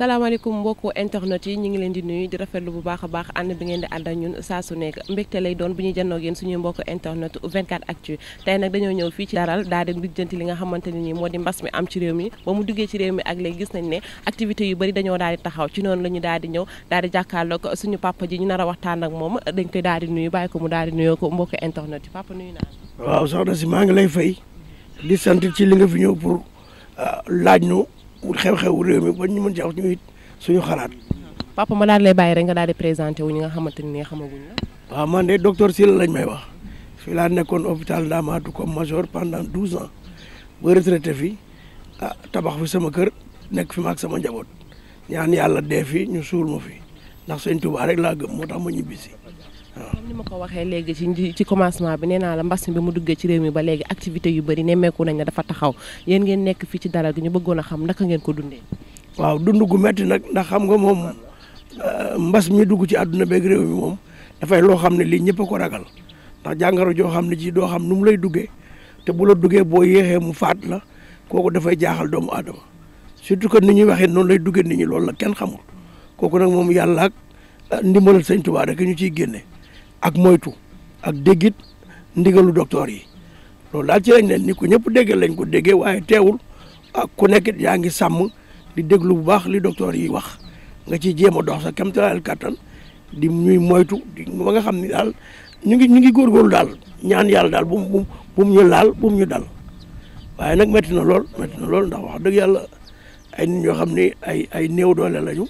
salaamaaleykum mbokku internet yi ñu ngi leen di nuyu di rafetlu bu baax a baax ànd bi ngeen di ànd ak ñun saa su nekk mbégte lay doon bu ñuy jannoo ak yéen suñuy mbokku internet 24 dañoo ñëw fii ci daral daal di lijjanti li nga xamante ne nii moo di mi am ci réew mi ba mu duggee ci réew gis nañ ne activité yu bëri dañoo daal di taxaw ci noonu la ñu daal di ñëw daal di jàkkaarloog suñu papa ji ñu nar a moom dañ koy daal di nuyu bàyyi ko mu daal di nuyoo ko mbokku internet yi papa nuyu naa waaw soxna si maa ngi lay fay di sant ci li nga fi ñëw pour euh, laaj ñu xew-xewu réew mi ba ñu mën ci wax ñu it suñu xalaat. papa ma daal lay bàyyi rek nga daal di présenté wu ñi nga xamante ni xamaguñ la. waaw man de si Sylla lañ may wax fii laa nekkoon hôpital Ndamatou comme major pendant douze ans ba retraité fi ah tabax fi sama kër nekk fi ma ak sama njaboot ñaan yàlla dee fi ñu suul ma fi ndax sëñ Tuubaa rek laa gëm moo tax ma ñibbisi. ni ma ko waxee léegi ci ci commencement bi nee la mbas mi ba mu duggee ci réew mi ba léegi activité yu bëri nemeeku nañ ne dafa taxaw yéen ngeen nekk fii ci dara gi ñu bëggoon a xam naka ngeen ko dundee. waaw dund gu metti nag ndax xam nga moom euh, mbas mi dugg ci àdduna beeg dafay loo xam ne lii ñëpp a ko ragal ndax jàngaro joo xam ne ci doo xam nu mu lay duggee te bu la duggee boo yéexee mu faat la kooku dafay jaaxal doomu aadama surtout que ni ñuy waxee noonu lay duggee nit ñi loolu nag kenn xamul kooku nag moom yàlla ak euh, ndimbalal sëñ Tuubaa rek ñu ciy génne. ak moytu ak déggit ndigalu docteur yi loolu daal ci leen ni ko ñëpp dégg lañ ko déggee waaye teewul ak ku nekk yaa ngi sàmm di déglu bu baax li docteur yi wax nga ci jéem a dox sa kéemtalaayal kattan di mu ñuy moytu di ba nga xam ni daal ñu ngi ñu ngi góorgóorlu daal ñaan yàlla daal bu mu ñu laal bu mu ñu daal waaye nag métti na lool métti na lool ndax wax dëgg yàlla ay nit ñoo xam ni ay ay néew doole lañu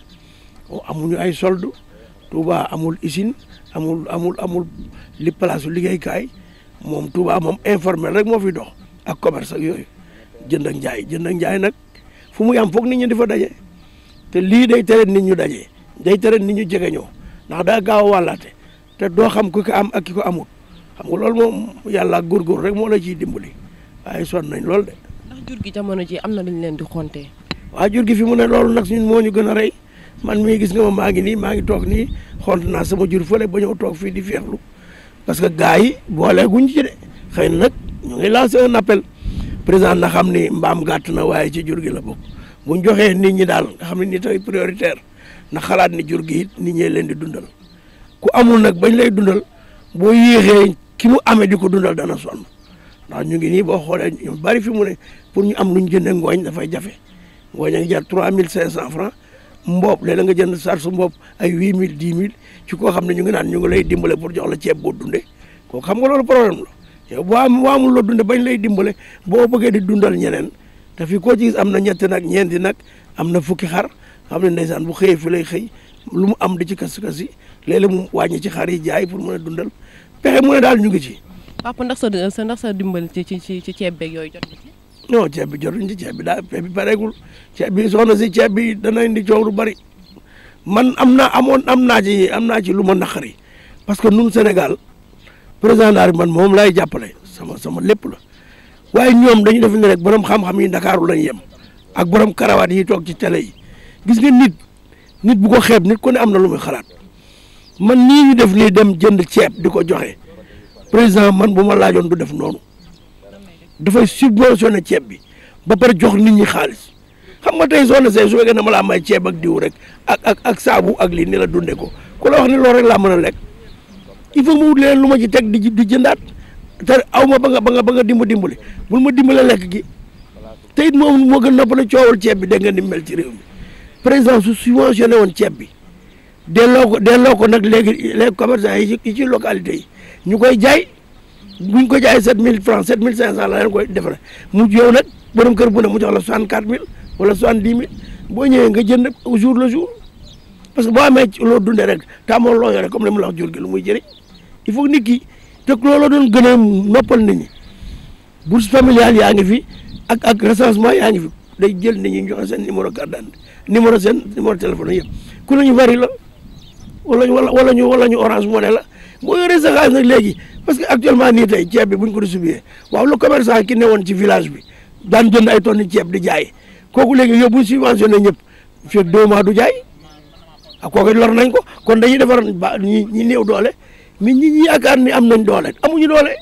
amuñu ay solde Touba amul usine amul amul amul li place su liggéeykaay moom Touba moom informel rek moo fi dox ak commerce yooyu jënd ak njaay jënd ak njaay nag fu mu yam foog nit ñi di fa daje te lii day tere nit ñu daje day tere nit ñu jege ñoo ndax daa gaaw a wàllaate te doo xam ko ko am ak ki ko amul xam nga loolu moom yàlla góorgóor rek moo la ciy dimbali waaye sonn nañ lool de. ndax gi jamono ji am na lu leen di xontee. waa jur gi fi mu ne loolu nag ñun moo ñu gën a rey. man mii gis nga ma maa ngi nii maa ngi toog nii xont naa sama jur fële ba ñëw toog fii di feexlu parce que gars yi booleeguñ ci de xëy na nag ñu ngi lancé un appel président na xam ni mbaam gàtt na waaye ci jur gi la bokk buñ joxee nit ñi daal nga xam ne nit ay prioritaire na xalaat ni jur gi it nit ñee leen di dundal ku amul nag bañ lay dundal boo yéexee ki mu amee di ko dundal dana sonn ndax ñu ngi nii boo xoolee ñu bari fi mu ne pour ñu am luñ jëndee ngooñ dafay jafe ngooñ a ngi jar trois mille cinq cent francs mboob léeg la nga jënd sarsu mboob ay huit mille dix mille ci ko xam ne ñu ngi naan ñu ngi lay dimbale pour jox la ceeb boo dunde koo xam nga loolu problème la yow am waamul loo dunde bañ lay dimbale boo bëggee di dundal ñeneen te fii koo ci am na ñetti nag ñeenti nag am na fukki xar xam ne ndeysaan bu xëyee fi lay xëy lu mu am di ci kas-kas yi léeg-léeg mu wàññi ci xar yi jaay pour mën a dundal pexe mu ne daal ñu ngi ci. papa ndax sa ndax sa dimbal ci ci ci ceeb beeg yooyu jot ci non ceeb bi jotuñ ci ceeb bi daa ceeb bi pareegul ceeb bi soxna si ceeb bi dana indi coow lu bari man am naa amoon am naaj ci am naa lu ma naqari parce que nun Sénégal président daal man moom laay jàppale sama sama lépp la waaye ñoom dañu def ne rek borom xam-xam yi yem ak borom karawaat toog ci télé yi gis nga nit nit bu ko xeeb nit ku am na lu muy xalaat man nii def nii dem jënd ceeb di ko joxe président man bu ma laajoon du def noonu. dafay subventionné ceeb bi ba pare jox nit ñi xaalis xam nga tey soo ne see su fekkee dama laa may ceeb ak diw rek ak ak ak saabu ak lii ni la dunde ko ku la wax ni loolu rek laa mën a lekk il faut mu leen lu ma ci teg di di jëndaat te aw ma ba nga ba nga ba nga dimba dimbali bul ma dimbale lekk gi te it moom moo gën noppale coowal ceeb bi dégg nga ni mel ci réew mi président su subventionné woon ceeb bi delloo ko delloo ko nag léegi les commerçants yi ci localité yi ñu koy jaay buñ ko jaayee sept mille francs sept mille cinq cent la leen koy defare mu yow nag borom kër bu mu jox la soixante quatre mille wala soixante dix mille boo ñëwee nga jën au jour le jour parce que boo amee loo dundee rek te amoo loo yore comme li mu la wax jur gi lu muy jëriñ il faut nit ki te looloo doon gën a noppal nit ñi bourse familiale yaa ngi fi ak ak recensement yaa ngi fi day jël nit ñi joxe seen numéro carte d'identité numéro seen numéro téléphone yëpp ku la ñu bari la wala ñu wala ñu wala ñu orange moo ne la moo yore sa xaalis nag léegi parce que actuellement nii tey ceeb bi buñ ko distribué waaw le commerçant ki ne newoon ci village bi daan jënd ay tonnes ceeb di jaay kooku léegi yow buñ subventionné ñëpp fii deux mois du jaay a ah kooku lor nañ ko kon dañuy defar ba ñi ñi néew doole mais ñi ñi yaakaar ni am nañ doole amuñu doole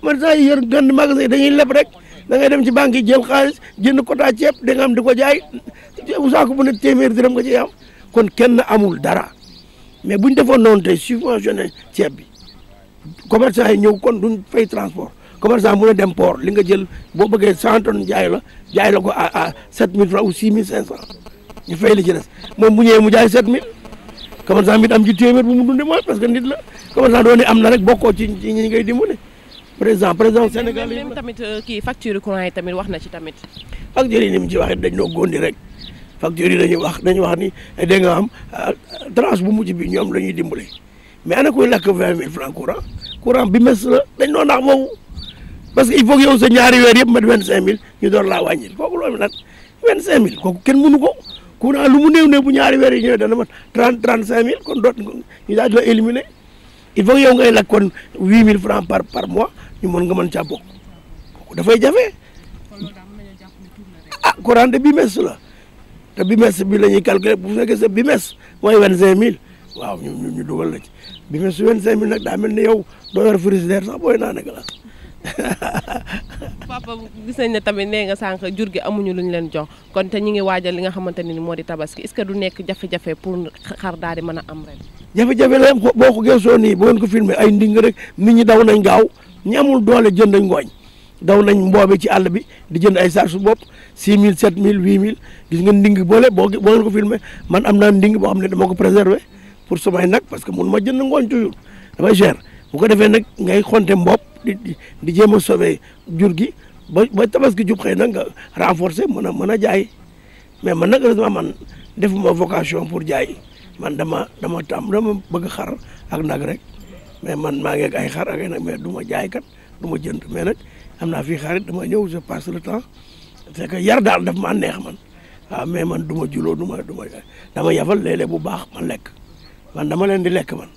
commerçant yi yor gën magasin dañuy leb rek da ngay dem ci banque yi jël xaalis ko quota ceeb da am di ko jaay ceebu saako bu ne téeméer dërëm nga ci am kon kenn amul dara mais bu ñu defoon noonu tey subventionné ceeb bi commerçant yi ñëw kon duñ fay transport commerçant bu ne dem port li nga jël boo bëggee cent tonnes la jaay la ko à à sept mille francs ou six mille cinq cent ñu fay li ci des moom bu ñëwee mu jaay sept mille commerçant bi am ci téeméer bu mu dundee mooy parce que nit la commerçant doon am na rek bokkoo ci ci ñi ngay dimbali président président Sénégal yi. même tamit euh, kii facture courant yi tamit wax na ci tamit. facture yi ni mu dañ noo góondi rek. factures yi dañuy wax dañuy wax ni dégg nga am tranche bu mujj bi ñoom la ñuy dimbale mais ana koy lakk vingt mille francs courant courant bi mess la dañ doon nax boobu que il faut que weer yëpp mat vingt cinq mille ñu door laa wàññil kooku loolu nag vingt cinq mille kooku kenn mënu ko courant lu mu néew néew bu ñaari weer yi ñëwee dana mat trente trente cinq mille kon doot ñu daal di la éliminer il faut que ngay lakk kon huit mille francs par par mois ñu mën nga mën caa bokk dafay jafe ah courant de bi mes la te bimestre bi la ñuy calculer bu fekkee sa bimestre mooy vingt cinq mille waaw ñu ñu ñu dugal la ci bimestre vingt cinq nag daa mel ni yow doo yor frigidaire sax booy naa ne glace. papa gis nañ ne tamit nee nga sànq jur gi amuñu lu leen jox kon te ñu ngi waajal li nga xamante ne ni moo di tabaski est que du nekk jafe-jafe pour xar daal di mën a am ren. jafe-jafe la boo ko gëstoo nii boo ko filmé ay nding rek nit ñi daw nañ gaaw ñi amul doole jënd ngooñ daw nañ mboobe ci àll bi di jënd ay charge su bopp six mille sept mille huit mille gis nga nding boole boo boo ngeen ko filmé man am naa nding boo xam ne dama ko préserver pour samay nag parce ma jënd ngooñ ko defee nag ngay xonte mbopp di di a sauver jur gi ba ba tabaski jub xëy na nga renforcer mën a mën a jaay mais man nag heureusement man defuma vocation pour jaay man dama dama tam dama bëgg xar ak nag rek man maa ngi ay xar ak ay nag mais du ma jaay kat du ma jënd mais nag am naa fii xarit dama ñëw je passe le temps c'est que yar daal daf maa neex man waaw ah, mais man duma juloo duma ma du ma dama yafal léeg bu baax ma lekk man dama leen di lekk man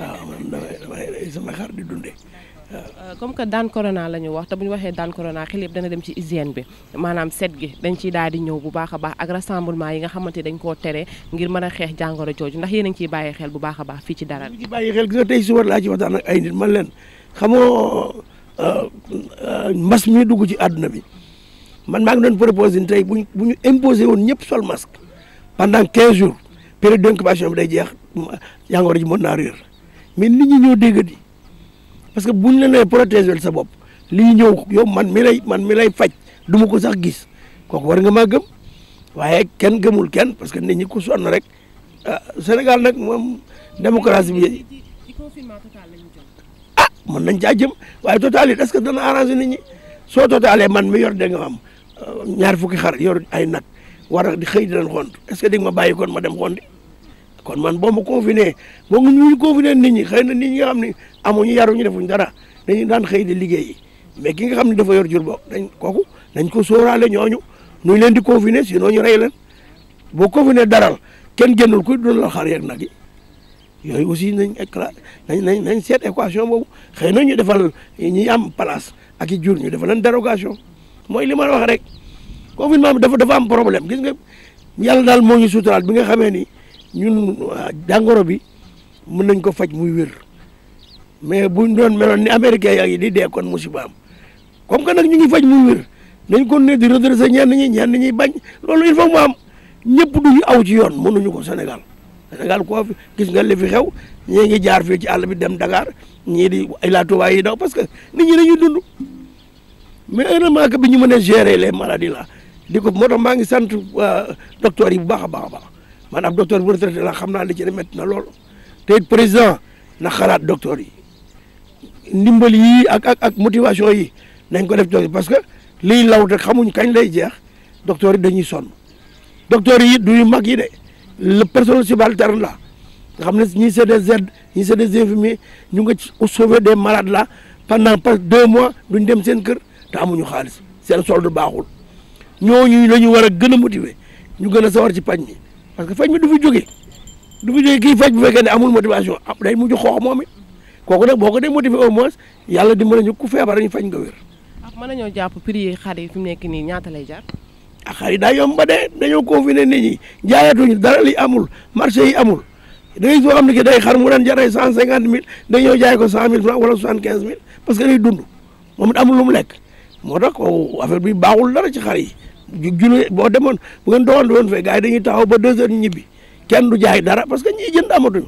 waaw ah, man damay damay xar di dundee euh, comme que daan corona la ñu wax bu ñu waxee daan corona xel yëpp dana dem ci hygiène bi maanaam set gi dañ ciy daal di ñëw bu baax a baax ak rassemblement yi nga xamante dañ koo tere ngir mën a xeex jàngoro jooju ndax yéen a ngi ciy bàyyi xel bu baax a baax fii ci dara. ci bàyyi xel gis nga tey suba laa ci ay man leen xamoo euh, euh, mbas mi dugg ci àdduna bi. man maa ngi doon proposé ni tey bu ñu bu ñu imposé woon ñëpp sol masque pendant 15 jours période d'incubation bu day jeex jàngoro ji mën naa réer mais nit ñi ñoo déggati parce que bu ñu la nee protéger sa bopp lii ñëw yow man mi lay man mi lay faj du ko sax gis kooku war nga maa gëm waaye kenn gëmul kenn parce que nit ñi ku sonn rek ah, Sénégal nag moom démocratie bi ah mën nañ caa jëm waaye total it est-ce que dana arrangé nit ñi soo totalee man mi yor de nga am. ñaar fukki xar yor ay nag war a di xëy di leen xont est-ce que di ma bàyyi kon ma dem xonti kon man boo ma confiné boo ñu ñu confiné nit ñi xëy na nit ñi nga xam ne amuñu yaruñu defuñ dara dañu daan xëy di liggéey mais ki nga xam ne dafa yor jur boobu dañ kooku dañ ko sóoraale ñooñu ñu leen di confiné sinon ñu rey leen boo confiné daral kenn génnul ku dund la xar yeeg nag yi yooyu aussi nañ éclat nañ nañ nañ seet équation boobu xëy na ñu defal ñu am place ak i jur ñu defal leen dérogation mooy li ma wax rek. confinement bi dafa dafa am problème gis nga yàlla daal moo ñu suturaal bi nga xamee ni ñun ah, jàngoro bi mën nañ ko faj muy wér mais bu doon meloon ni américain yi di dee kon musiba am comme que nag ñu ngi faj muy wér nañ ko ne di redresser ni ñi ñenn ñi bañ loolu il faut mu am ñëpp duñu aw ci yoon mënuñu ko Sénégal Sénégal koo fi gis nga lefi xew ñii ngi jaar fii ci àll bi dem Dakar ñii di ay la Touba yi daw parce que nit ñi dañuy dund mais heureusement que bi ñu mën a gérer les maladies di ko moo tax maa ngi sant docteur yi bu baax a baax a baax maanaam docteur bu retraité la xam naa li ci ne na lool te président na xalaat docteur yi ndimbal yi ak ak ak motivation yi nañ ko def docteur parce que liy law te xamuñ kañ lay jeex docteur yi dañuy sonn docteur yi duñu mag yi de le personnel subalterne la nga xam ne ñii c'est des aides ñii c'est des infirmiers ñu nga ci sauver des malades la pendant presque deux mois du duñ dem seen kër te amuñu xaalis seen solde baaxul ñooñu la ñu war a gën a motiver ñu gën a sawar ci paj mi parce que faj mi du fi jógee du fi jógee kii faj bu fekkee ne amul motivation am day mujj xoox moom it kooku nag boo ko dee motiver au moins yàlla dimbali ñu ku feebar ñu faj nga wér. ak mën nañoo jàpp prix xar yi fi mu nekk nii ñaata lay jar. a ah, xar daa yomb ba dee dañoo confiné nit ñi jaayatuñu dara li amul marché yi amul da ngay soo xam ne que day xar mu daan jaree cent cinquante mille dañoo jaay ko cent mille franc wala soixante quinze mille parce que day dund moom it amul lu mu lekk moo tax affaire bi baaxul dara ci xar yi. julli boo demoon bu ngeen doxantu woon fee gars yi dañuy taxaw ba deux heures ñibbi kenn du jaay dara parce que ñiy jënd amatuñu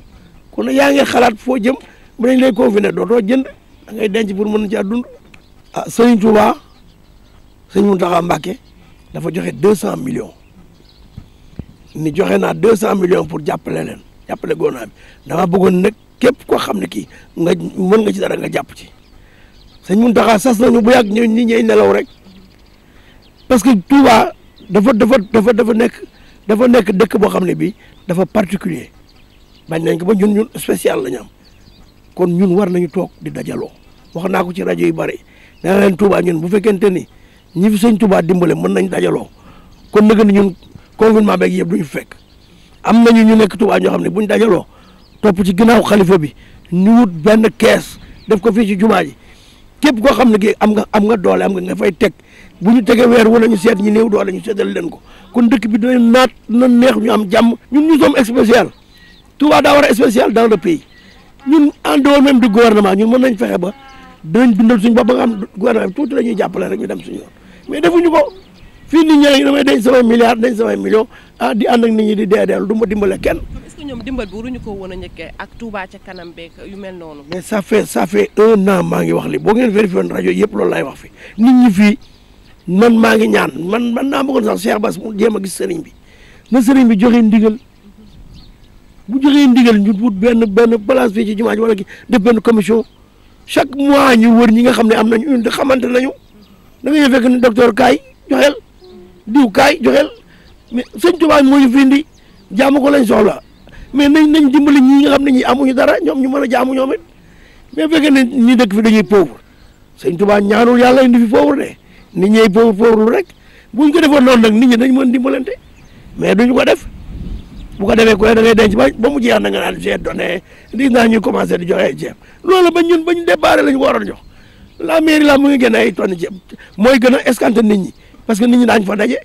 kon yaa ngi xalaat foo jëm bu dañ lay confiné dootoo jënd da ngay denc pour mën ci caa dund. ah Serigne Touba Serigne Mountakha Mbacké dafa joxe deux cent millions ni joxe naa deux cent millions pour jàppale leen jàppale góonaa bi dama bëggoon nag képp koo xam ne kii nga mën nga ci dara nga jàpp ci Serigne Mountakha sas nañu bu yàgg ñi ñuy nelaw rek. parce que Touba dafa dafa dafa dafa nekk dafa nekk dëkk boo xam ne bii dafa particulier bañ nañ ko ba ñun ñun spécial la ñu am kon ñun war nañu toog di dajaloo wax naa ko ci rajo yu bari nee na leen ñun bu fekkente ni ñi fi sëñ Touba dimbale mën nañ dajaloo kon nag ni ñun confinement beeg yëpp duñu fekk am nañu ñu nekk Touba ñoo xam ne bu buñ dajaloo topp ci ginnaaw xalifa bi ñu wut benn kees def ko fii ci jumaa ji képp koo xam ne gi am nga am nga doole am nga nga fay teg bu ñu tegee weer wala ñu seet ñu néew doole ñu seetal leen ko kon dëkk bi dina naat na neex ñu am jàmm ñun ñu sommes spécial Touba daa war a spécial dans le pays ñun en dehors même du gouvernement ñun mën nañ fexe ba dinañ bindal suñ bopp ba nga xam gouvernement bi tuuti la ñuy jàppale rek ñu dem suñu yoon defuñu ko fii nit ñi léegi damay denc samay milliards denc samay millions ah di ànd ak nit ñi di dee deel du ma dimbale kenn. est-ce que ñoom dimbal bi waruñu ko woon a njëkkee ak Touba ca kanam beeg yu mel noonu. mais ça fait ça fait un an maa ngi wax li boo ngeen vérifié woon rajo yëpp loolu laay wax fi nit ñi fii man maa ngi ñaan man man naa bëggoon sax Cheikh Bass mu jéem a gis sëriñ bi na sëriñ bi joxe ndigal bu joxee ndigal ñu wut benn benn place fii ci jumaa ji wala ki def benn commission chaque mois ñu wër ñi nga xam ne am nañu une xamante nañu da nga fekk ne docteur Kaay joxeel diw kaay joxel mais sëñ Tuubaa moo ñu fi indi jaamu ko lañ soxla mais nañ nañ dimbali ñi nga xam ne ñi amuñu dara ñoom ñu mën a jaamu ñoom it mais fekkee ne ñi dëkk fi dañuy pauvre sëñ Tuubaa ñaanul yàlla indi fi pauvre de nit ñey pauvre pauvre rek bu ñu ko defoon noonu nag nit ñi dañ mën dimbalante mais duñu ko def bu ko defee koy da denc ba ba mu jeex na nga naan j'ai donné di naa ñuy commencé di joxee ceeb loolu ba ñun ba ñu débarré la ñu waroon jox la mairie la mu ngi génne ay mooy gën a escanté nit ñi parce que nit ñi daañu fa daje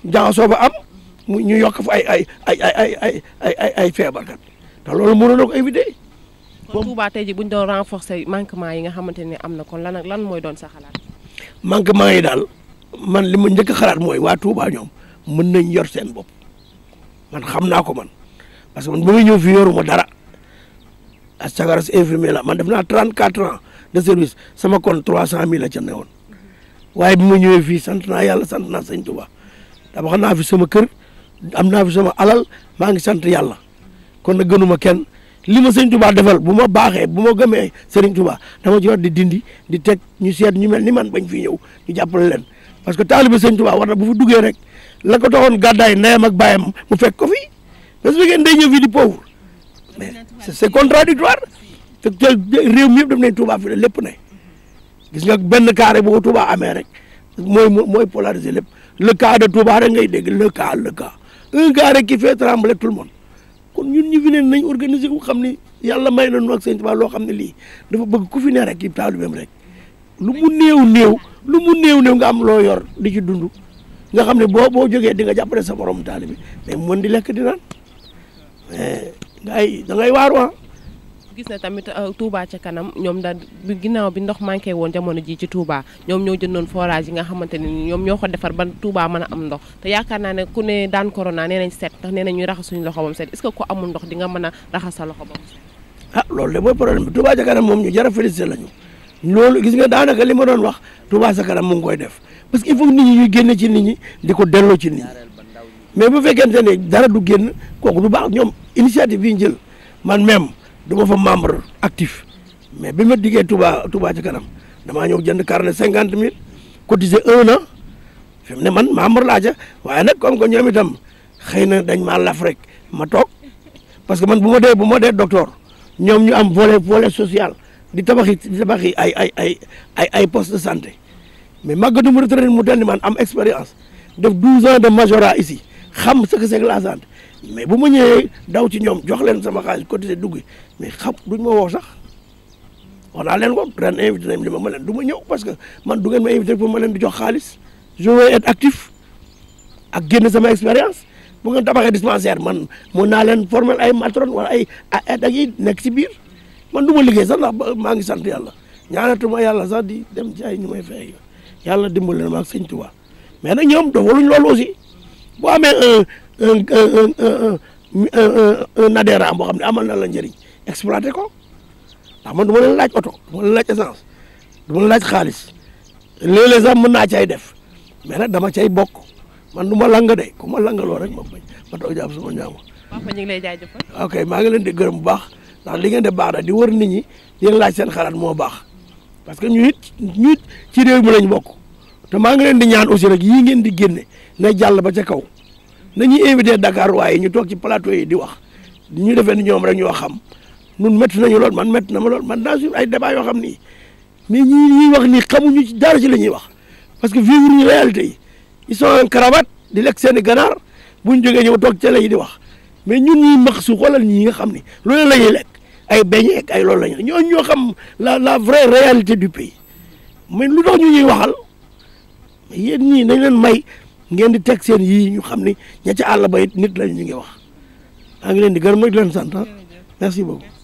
jaxasoo ba am mu ñu yokk fa ay ay ay ay ay ay ay ay feebarkat te loolu mënoon na ko éviter. kon Touba tey jii bu ñu doon manquement yi nga xamante ne am na kon lan lan mooy doon sa xalaat. manquement yi daal man li ma njëkk xalaat mooy waa Touba ñoom mën nañ yor seen bopp man xam naa ko man parce que man ba muy ñëw fi yoruma dara a as cagaras infirmier la man def naa 34 ans de service sama compte 300000 la ca newoon. waaye bi ma ñëwee fii sant naa yàlla sant naa sëñ Tuba tabax naa fi sama kër am naa fi sama alal maa ngi sant yàlla kon nag gënuma kenn li ma sëñ Tuba defal bu ma baaxee bu ma gëmee sëriñ Tuba dama ci war di dindi di teg ñu seet ñu mel ni man bañ fi ñëw ñu jàppale leen parce que taaliba sëñ Tuba war na bu fa duggee rek la ko taxoon gàddaay ndeyam ak bàyyam mu fekk ko fi parce que ngeen day ñëw fii di pauvre mais c'est contradictoire te réew mi yëpp daf ne Tuba fi la lépp ne gis nga benn carré bu ko Touba amee rek mooy mooy polariser lépp le cas de Touba rek ngay dégg le cas le cas un carré qui fait kon ñun ñu fi ne nañ organiser wu xam ni yàlla may na nu ak Sëñ Touba loo xam ne lii dafa bëgg ku fi ne rek yi taalibeem rek lu mu néew néew lu mu néew néew nga am loo yor di ci dund nga xam ne boo boo jógee di nga jàppale sa borom taalibe mais mën di lekk di naan mais gars yi ngay waaru ah gis na tamit euh, Touba ca kanam ñoom da ginnaaw bi ndox manqué woon jamono ji ci Touba ñoom ñoo jëndoon forage yi nga xamante ne ñoom ñoo ko defar ba Touba mën a am ndox te yaakaar naa ne ku ne daan corona nee nañ set ndax nee nañ ñuy raxas suñu loxo bam set est-ce amul ndox di nga a raxas loxo bam set ah loolu de mooy problème bi Touba ca kanam moom ñu jara félicité lañu loolu gis nga daanaka li ma doon wax Touba ca kanam mu koy def parce que il faut nit ñi ñuy génn ci di ko delloo ci nit ñi mais bu ne dara du génn kooku du baax ñoom initiative bi ñu jël man même du ma fa membre actif mais bi ma diggee tubaa tubaa ci kanam damaa ñëw jënd carnet cinquante mil cotiser un an ne man membre laa ca waaye nag comme que ñoom tam xëy na dañ maa laf rek ma toog parce que man bu ma dee bu ma dee docteur ñoom ñu am volet vole social di tabaxi di tabaxi ay ay ay ay ay poste de santé mais màggatum retraité mu del ni man am expérience def douze ans de majorat ici xam ce que c'est que la santé mais bu ma ñëwee daw ci ñoom jox leen sama xaalis cotisé dugg mais xam duñ ma woo sax wax naa leen ko ren invité nañ li ma ma leen du ma ñëw parce que man du ngeen ma invité pour ma leen di jox xaalis je veux être actif ak génn sama expérience bu ngeen tabaxee dispensaire man mun naa leen former ay matron wala ay aide ak yi nekk ci biir man du ma liggéey sax ndax maa ngi sant yàlla ñaanatuma yàlla sax di dem ci ay ñu may fay yàlla dimbal leen ma ak sëñ Tuubaa mais ñoom dafa luñ loolu aussi bu amee un un un boo xam ne amal na la njëriñ exploité ko ndax man du ma leen laaj oto du ma leen laaj essence du laaj xaalis léeg-léeg sax mën naa ay def mais nag dama cay bokk man du ma lang de ku ma langaloo rek ma bañ ma toog jàpp sama ñaama. ñu ngi lay jaajëfal. ok maa ngi leen di gërëm bu baax ndax li ngeen di baax di wër nit ñi di laaj seen xalaat moo baax parce que ñu it ñu ci réew mi lañ bokk te maa ngi leen di ñaan aussi rek yii ngeen di génne na jàll ba ca kaw. nañuy invité Dakar waaye ñu toog ci plateau yi di wax ñu defee ni ñoom rek ñoo xam nun métti nañu lool man métti na ma lool man daa sur ay débat yoo xam ni mais ñi ñuy wax ni xamuñu ci dara ci la ñuy wax parce que vivre ñu réalité yi ils sont en cravate di lekk seen i ganaar buñ jógee ñëw toog ci yi di wax mais ñun ñuy max su xoolal ñi nga xam ni loolu la ñuy lekk ay beñe ak ay loolu la ñuy ñoo ñoo xam la la vraie réalité du pays mais lu tax ñu ñuy waxal yéen ñii nañ leen may ngeen di teg seen yii ñu xam ni ña ca àll ba it nit lañ ñu ngi wax maa ngi leen di gërëm nag di leen sant ah. merci beaucoup.